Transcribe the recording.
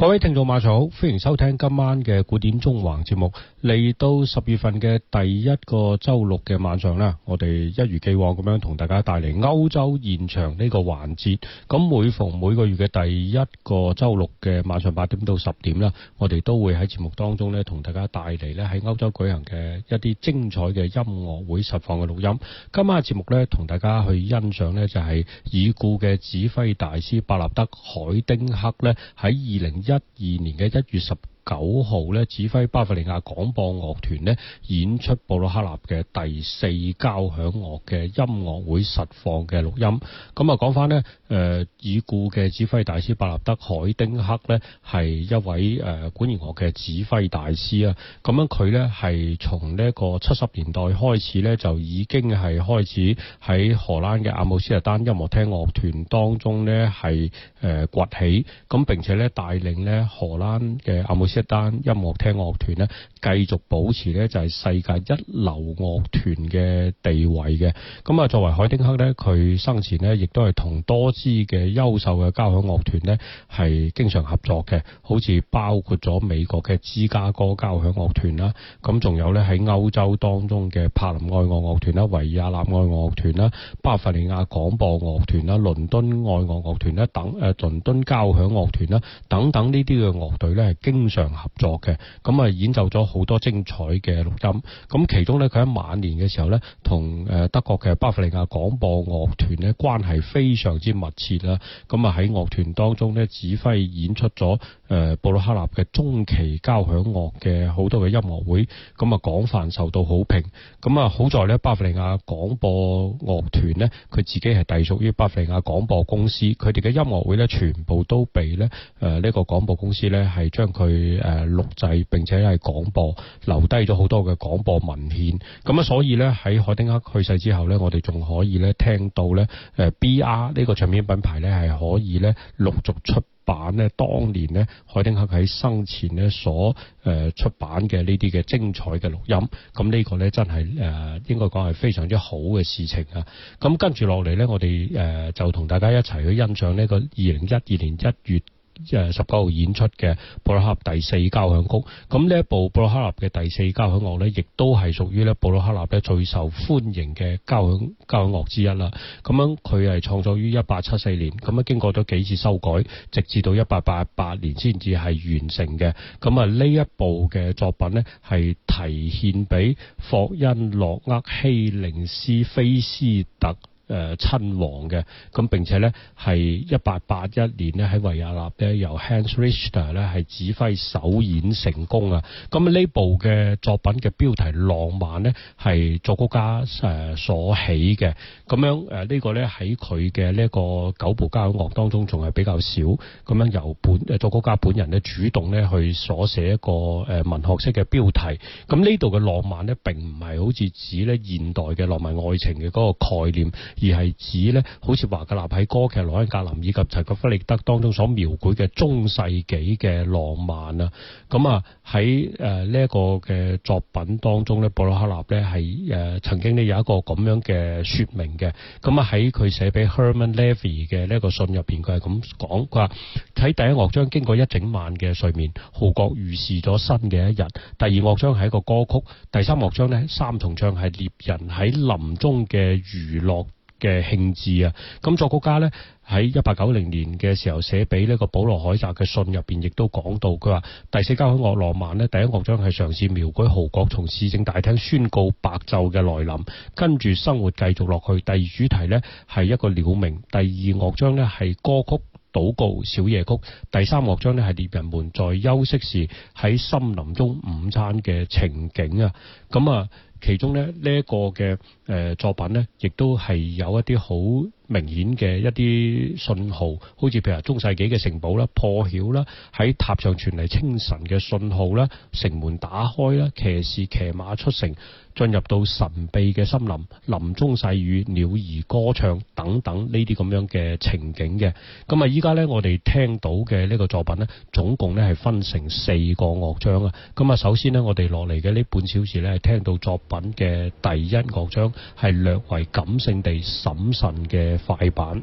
各位聽眾晚上好，歡迎收聽今晚嘅古典中環節目。嚟到十月份嘅第一個周六嘅晚上啦，我哋一如既往咁樣同大家帶嚟歐洲現場呢個環節。咁每逢每個月嘅第一個周六嘅晚上八點到十點啦，我哋都會喺節目當中咧同大家帶嚟咧喺歐洲舉行嘅一啲精彩嘅音樂會實況嘅錄音。今晚嘅節目咧同大家去欣賞咧就係已故嘅指揮大師伯納德海廷克咧喺二零一一二年嘅一月十。九號咧，指揮巴伐利亞廣播樂團咧演出布魯克納嘅第四交響樂嘅音樂會實況嘅錄音。咁啊，講翻呢，誒、呃、已故嘅指揮大師伯納德海廷克咧，係一位誒、呃、管弦樂嘅指揮大師啊。咁樣佢咧係從呢一個七十年代開始咧，就已經係開始喺荷蘭嘅阿姆斯特丹音樂廳樂團當中咧係誒崛起，咁並且咧帶領咧荷蘭嘅阿姆。一斯丹音樂廳樂團咧，繼續保持咧就係世界一流樂團嘅地位嘅。咁啊，作為海丁克咧，佢生前咧亦都係同多支嘅優秀嘅交響樂團咧係經常合作嘅，好似包括咗美國嘅芝加哥交響樂團啦，咁仲有咧喺歐洲當中嘅柏林愛樂樂團啦、維也納愛樂樂團啦、巴伐利亞廣播樂團啦、倫敦愛樂樂團啦、等誒、倫敦交響樂團啦等等呢啲嘅樂隊咧係經常合作嘅，咁啊演奏咗好多精彩嘅錄音，咁其中咧佢喺晚年嘅時候咧，同誒德國嘅巴伐利亞廣播樂團咧關係非常之密切啦，咁啊喺樂團當中咧指揮演出咗。誒布魯克納嘅中期交響樂嘅好多嘅音樂會，咁啊廣泛受到好評。咁啊好在咧，巴伐利亞廣播樂團咧，佢自己係隸屬於巴伐利亞廣播公司，佢哋嘅音樂會咧，全部都被咧誒呢個廣播公司咧係將佢誒錄製並且係廣播，留低咗好多嘅廣播文獻。咁啊，所以咧喺海廷克去世之後咧，我哋仲可以咧聽到咧誒、呃、BR 呢個唱片品牌咧係可以咧陸續出版咧，當年咧，海廷克喺生前咧所誒出版嘅呢啲嘅精彩嘅錄音，咁呢個咧真係誒、呃、應該講係非常之好嘅事情啊！咁跟住落嚟咧，我哋誒就同大家一齊去欣賞呢個二零一二年一月。即係十九號演出嘅布魯克第四交響曲，咁呢一部布魯克納嘅第四交響樂咧，亦都係屬於咧布魯克納咧最受歡迎嘅交響交響樂之一啦。咁樣佢係創作於一八七四年，咁啊經過咗幾次修改，直至到一八八八年先至係完成嘅。咁啊呢一部嘅作品咧，係提獻俾霍恩洛厄希靈斯菲斯特。誒親王嘅，咁並且咧係一八八一年咧喺維也納咧由 Hans Richter 咧係指揮首演成功啊！咁呢部嘅作品嘅標題《浪漫》咧係作曲家誒所起嘅，咁樣誒呢個咧喺佢嘅呢一個九部交響樂當中仲係比較少，咁樣由本誒作曲家本人咧主動咧去所寫一個誒文學式嘅標題。咁呢度嘅浪漫咧並唔係好似指咧現代嘅浪漫愛情嘅嗰個概念。而係指咧，好似華格納喺歌劇《羅恩格林》以及《齊格弗里德》當中所描繪嘅中世紀嘅浪漫啊！咁啊喺誒呢一個嘅作品當中咧，布魯克納咧係誒曾經咧有一個咁樣嘅説明嘅。咁啊喺佢寫俾 Herman Levy 嘅呢一個信入邊，佢係咁講，佢話喺第一樂章經過一整晚嘅睡眠，號角預示咗新嘅一日；第二樂章係一個歌曲；第三樂章咧三重唱係獵人喺林中嘅娛樂嘅興致啊！咁作曲家咧喺一八九零年嘅時候寫俾呢個保羅海澤嘅信入邊，亦都講到佢話，第四交響樂浪漫咧，第一樂章係嘗試描繪號角從市政大廳宣告白晝嘅來臨，跟住生活繼續落去。第二主題咧係一個鳥鳴，第二樂章咧係歌曲禱告小夜曲，第三樂章咧係獵人們在休息時喺森林中午餐嘅情景啊！咁啊～其中咧呢一、這個嘅誒、呃、作品咧，亦都係有一啲好明顯嘅一啲信號，好似譬如話中世紀嘅城堡啦、破曉啦，喺塔上傳嚟清晨嘅信號啦，城門打開啦，騎士騎馬出城。進入到神秘嘅森林，林中細語，鳥兒歌唱，等等呢啲咁樣嘅情景嘅。咁啊，依家呢，我哋聽到嘅呢個作品呢，總共呢係分成四個樂章啊。咁啊，首先呢，我哋落嚟嘅呢半小時呢，係聽到作品嘅第一樂章，係略為感性地審慎嘅快板。